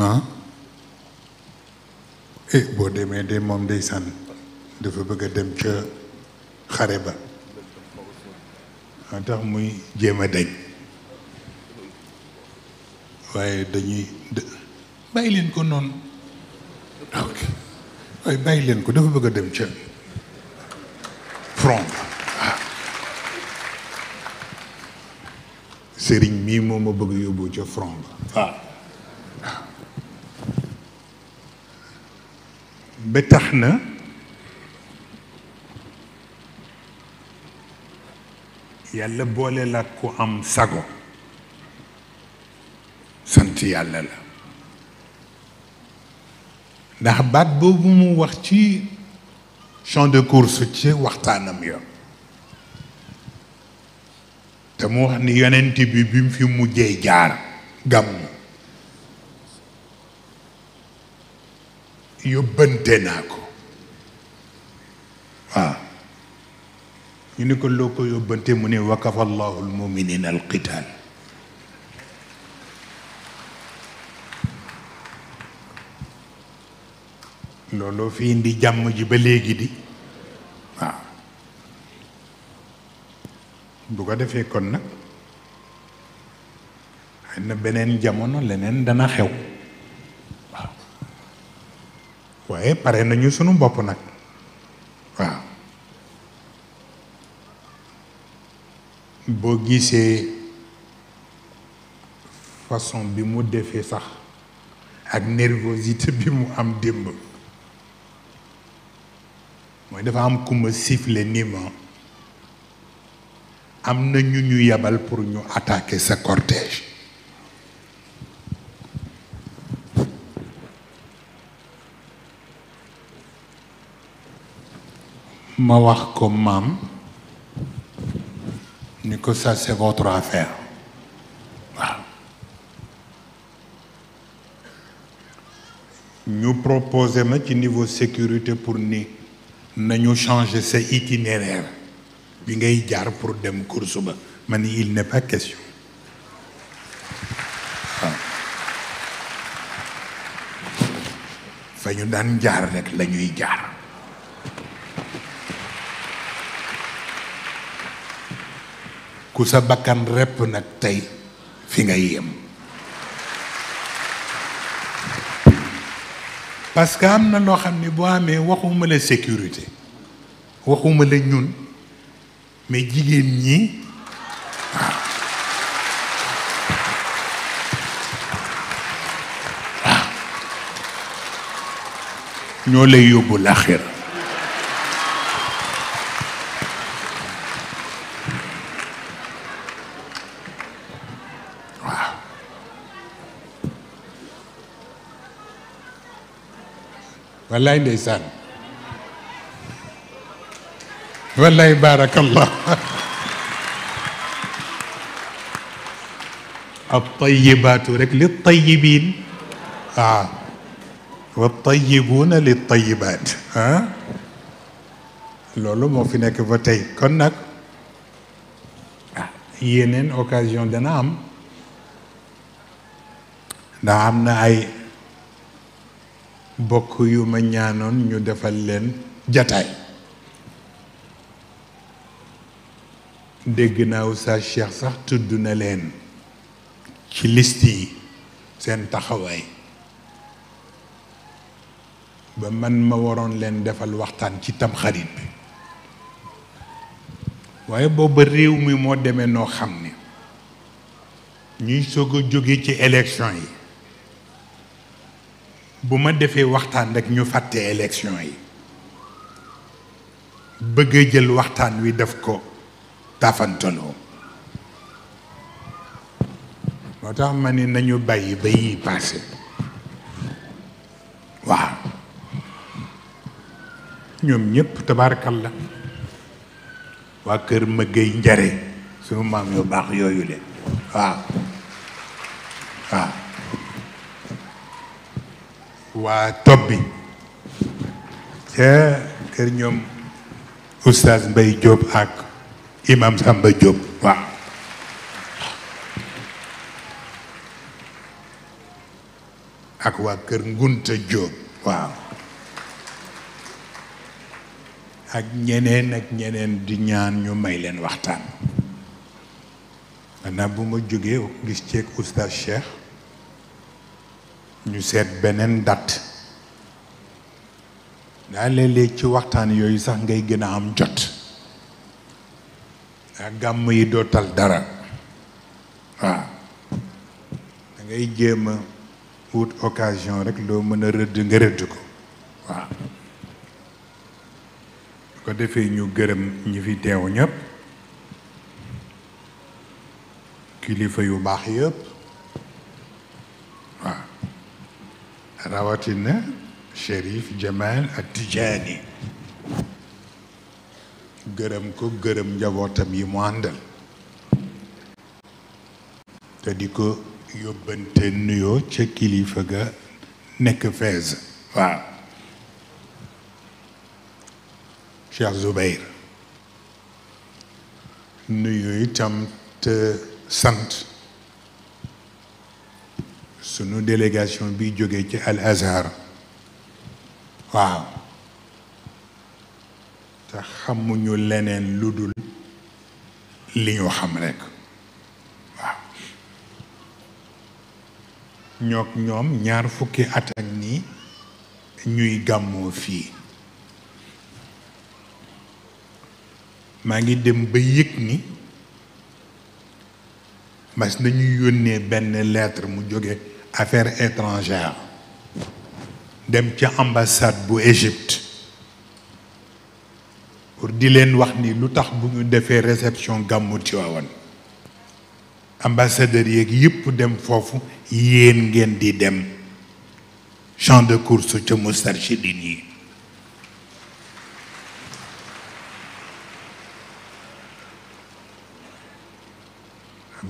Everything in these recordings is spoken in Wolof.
ah eh, boo demee de moom ndeysaan dafa bëgg a dem ca xare ba tax muy jéem a daj waaye dañuy bàyyi leen ko noonu ah, ok waaye bàyyi leen ko dafa bëgg a dem ca front ah. sëriñ mii moo ma bëgg yóbbu ca front ba ah. ba tax na yàlla boole la ku am sago sant yàlla la ndax baat boobu mu wax ci champ de course ci waxtaanam yoon te mu wax ni yonent bi bi mu fi mujjee jaar gàmm yóbbante naa ko waaw ñu ni ko loo ko yóbbante mu ne wakafa allahu almuminina alqital looloo fi indi jàmm ji ba léegi di waaw bu ko defee kon nag xëy na beneen jamono leneen dana xew waaye pare nañu sunu bopp nag waaw boo gisee façon bi mu defee sax ak nervosité bi mu am démb mooy dafa am ku ma sifflé ni ma am na ñu ñu yebal pour ñu attaquer sa cortège ma wax ko maam ni ko ça c'est votre affaire waaw ñu proposé ma ci niveau sécurité pour ni nañu changer sa itinéraire bi ngay jaar pour dem course ba ma ni il n'est pas question fa ñu daan jaar rek la jaar ku sa bakkan rep nag tey fi nga yem parce que am na loo xam ne boo amee waxuma la sécurité waxuma la ñun mais jigéen ñi ñoo lay yóbbu laaxira wallaay ndeysaan wallaay baarakallah ab tayibaatu rek li tayibiin waaw ah. wa tayibuuna li tayibaat ah loolu moo fi nekk ba tey kon nag ah yeneen occasion dana am ndax am na ay bokk yu ma ñaanoon ñu defal leen jataay dégg naa Oustaz Cheikh sax tudd na leen ci list yi seen taxawaay ba man ma waroon leen defal waxtaan ci tamxarit bi waaye booba réew mi moo demee noo xam ne ñuy soog a jóge ci élection yi bu ma defee waxtaan rek ñu fàtte élection yi bëgg jël waxtaan wi def ko tafantaloo moo tax ma ni nañu bàyyi ba yi passé waaw ñoom ñëpp tabaarkalla waa kër mëggey njare suñu maam yu baax yooyu leen waaw waaw waa topp bi ca kër ñoom oustaz Mbaye Diop ak imam Samba Diop waaw ak waa kër Ngunta Diop waaw ak ñeneen ak ñeneen di ñaan ñu may leen waxtaan xanaa bu ma jógee gis ceeg oustaz Cheikh ñu seet beneen date daa ci waxtaan yooyu sax ngay gën a am jot daa gàmm yi dootal dara waaw dangay ngay jéem a wut occasion rek loo mën a rëdd nga rëdd ko waaw bu ko defee ñu gërëm ñi fi teew ñëpp kilifa yu baax yépp rawatina Chérif Jamal ak Tijaani gërëm ko gërëm njabootam yi mu àndal te di ko yóbbante nuyoo ca kilifa ga nekk fees waaw Cheikh Zubair nuyu itam te sant sunu délégation bi jóge ci al azhar waaw te xamuñu leneen lu dul li ñu xam rekk waaw ñoog ñoom ñaar fukki atak nii ñuy gàmmoo fii maa ngi dem ba yëg ni mas nañu yónnee benn lettre mu jóge affaires étrangères dem ca ambassade bu Égypte pour di leen wax ni lu tax bu ñu defee réception gàmmu Tiwaawan ambassadeur yeeg yëpp dem foofu yéen ngeen di dem champ de course ca Moustarchidine yi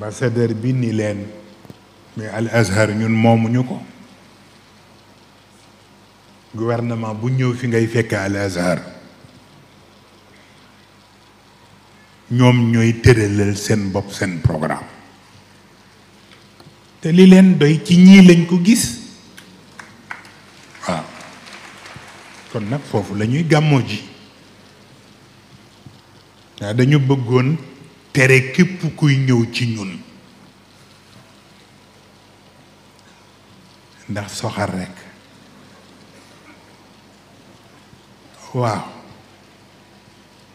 ambassadeur bi ni leen mais al azhar ñun moomuñu ko gouvernement bu ñëw fi ngay fekk al azhar ñoom ñooy tëralal seen bopp seen programme te li leen doy ci ñii lañ ko gis waaw kon nag foofu lañuy ñuy gàmmoo ji dañu bëggoon tere képp kuy ñëw ci ñun ndax soxar rekk waaw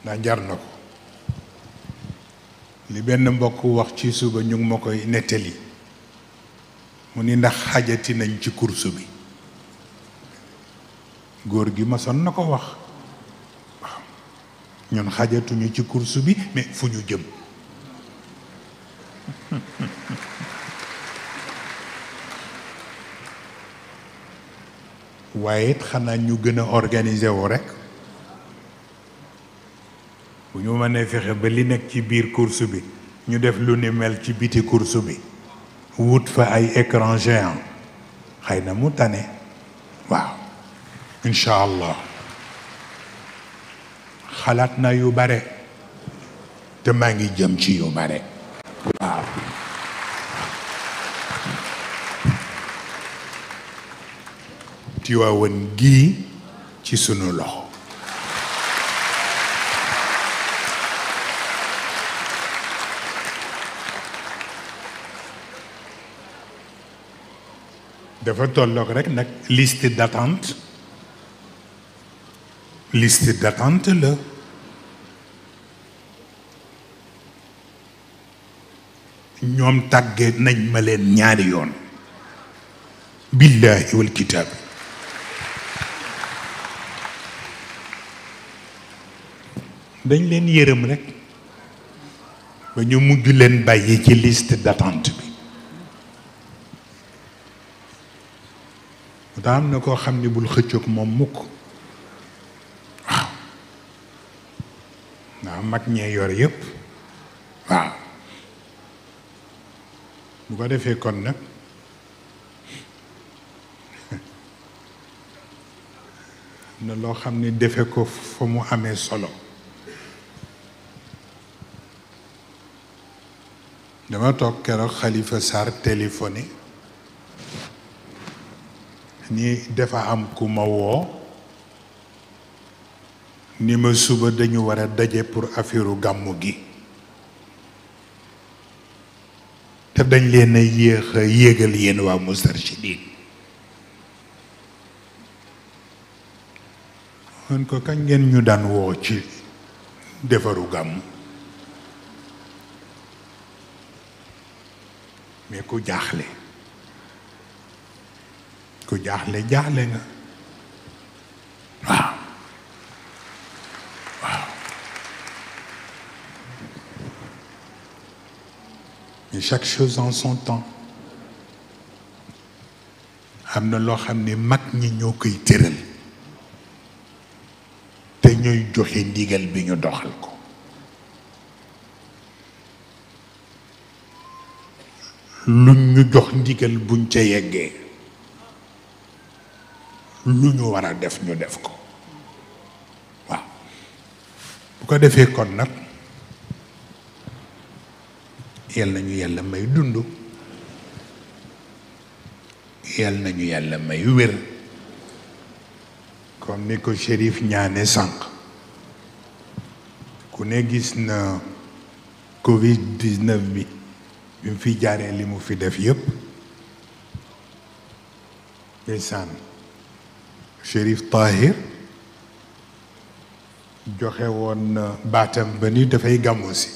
ndax jar na ko li benn mbokk wax ci suba ñu ngi ma koy nettali mu ni ndax xajati nañ ci kursu bi góor gi ma son na ko wax waaw ñun xajatuñu ci kursu bi mais fu ñu jëm waaye it xanaa ñu gën a organiser wu rek bu ñu mënee fexe ba li nekk ci biir course bi ñu def lu ni mel ci biti course bi wut fa ay écran géant xëy na mu tane waaw incha allah xalaat na yu bare te maa ngi jëm ci yu bare Tiwaawan gii ci sunu loxo dafa tollook rekk nag liste d'attente liste d'attente la ñoom tàgge nañ ma leen ñaari yoon billahi wal dañ leen yërëm rek ba ñu mujj leen bàyyi ci list d'attente bi mu daa am na koo xam ni bul xëccoog moom mukk waaw ndax mag ñee yor yépp waaw bu ko defee kon nag am na loo xam ni defe ko fa mu amee solo dama toog keroog xalifa Sarr téléphoné ni dafa am ku ma woo ni ma suba dañu war daje pour affaireu gàmmu gi te dañ leen a yéex a yéegal yéen waa Moustarchidine kon ko kañ ngeen ñu daan woo ci defaru gàmmu mais ku jaaxle ku jaaxle jaaxle nga waaw waaw chaque chose en son temps am na loo xam ne mag ñi ñoo koy tëral te ñooy joxe ndigal bi ñu doxal ko luñ ñu jox ndigal buñ ca yeggee lu ñu war a def ñu def ko waaw bu ko defee kon nag yal nañu yàlla may dund yal nañu yàlla may wér comme ni ko Chérif ñaane sànq ku ne gis na Covid 19 bi bi mu fi jaaree li mu fi def yépp ndeysaan Chérif Tahir joxe woon baatam ba ni dafay gàmmu si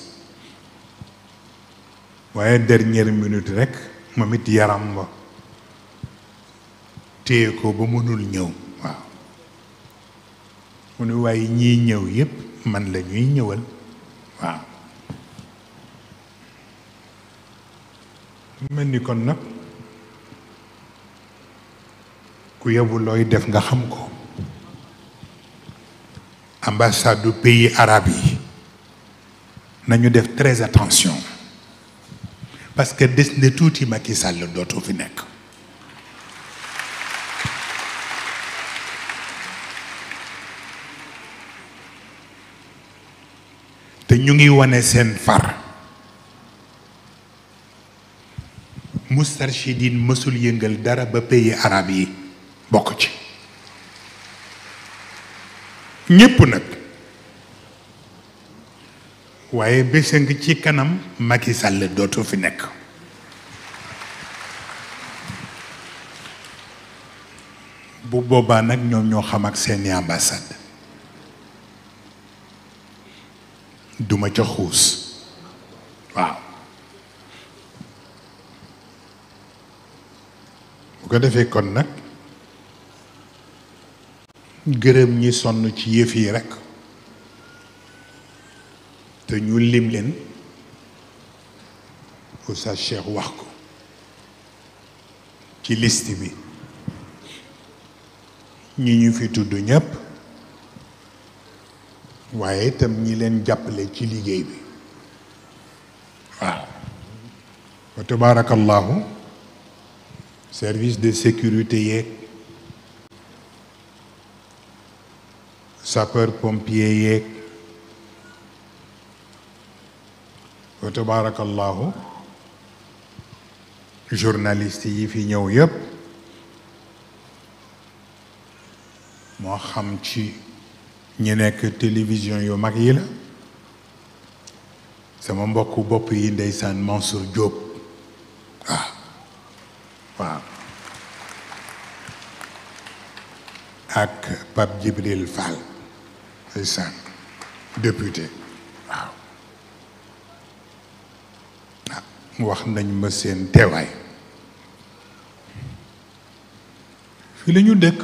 waaye dernière minute rekk moom yaram wa téye ko ba mënul ñëw waaw mu ne waaye ñii ñëw yépp man la ñuy ñëwal waaw mel ni kon nag ku yebu looy def nga xam ko ambassade du pays arabe yi nañu def très attention parce que des na tuuti Macky Sall dootu fi nekk te ñu ngi wane seen far Moustarchidine mësul yëngal dara ba pays arab yi bokk ci ñépp nag waaye bés ci kanam Macky Sall dootu fi nekk bu boobaa nag ñoom ñoo xam ak seeni ambassade duma ca xuus bu ko defee kon nag gërëm ñi sonn ci yëf yi rekk te ñu lim leen Oustaz Cheikh wax ko ci liste bi ñi ñu fi tudd ñépp waaye itam ñi leen jàppale ci liggéey bi waaw wa service de sécurité yeeg sapeur pompier yeeg wa tabarakallahu journaliste yi fi ñëw yépp moo xam ci ñu nekk télévision yu mag yi la sama mbokku bopp yi ndeysaan Mansour Diop waaw ak Pape Djibril Fall ndeysaan député waaw ah, wax nañ ma seen teewaay fii la ñu dëkk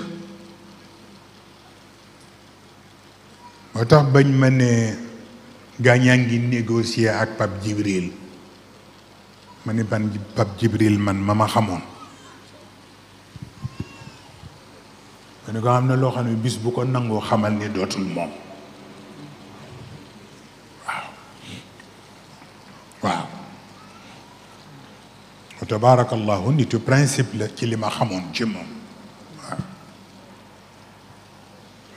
moo tax bañ ma ne gaañaa ngi négocier ak Pape Djibril ma ne ban Pape Djibril man ma ma xamoon ne ko am na loo xam ne bis bu ko nangoo xamal ni dootul moom waaw waaw tabaarakallahu nitu principe la ci lima xamoon ci moom waaw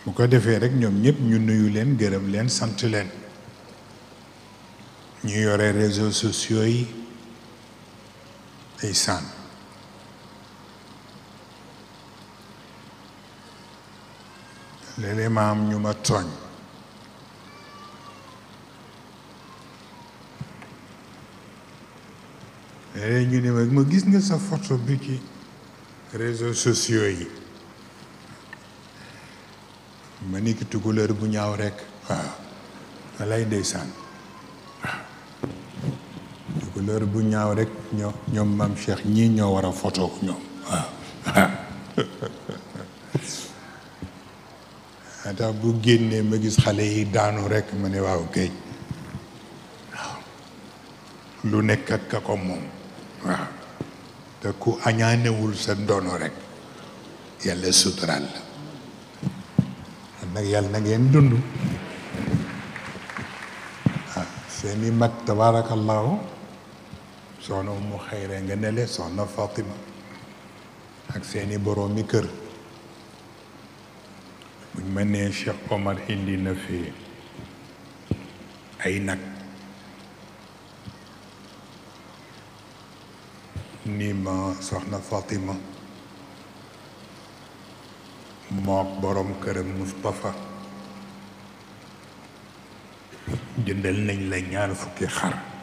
bu ko defee rek ñoom ñépp ñu nuyu leen gërëm leen sant leen ñu yore réseaux sociaux yi ay sànn léeg ma am ñu ma tooñ léeg eh, ñu ne ma ma gis nga sa photo bi ci réseaux sociaux yi ma ni ki tukulóor bu ñaaw rekk waaw walay ndeysaan waaw tukulóor bu ñaaw rekk ñoo ñoom maam Cheikh ñii ñoo war a photo ñoom waaw tax bu génnee ma gis xale yi daanu rekk ma ne waaw kay waaw lu nekk ak ka ko moom waaw te ku añaanewul sa dono rekk yàlla suturaal la nag yàlla na ngeen dund waaw seeni mag tabaarakallaahu soxna mu xayre nga nele soxna Fatima ak seeni boroomi kër buñ ma nee Cheikh Omar indi na fi ay nag ni ma soxna Fatima mook borom këram Moustapha jëndal nañ la ñaar fukki xar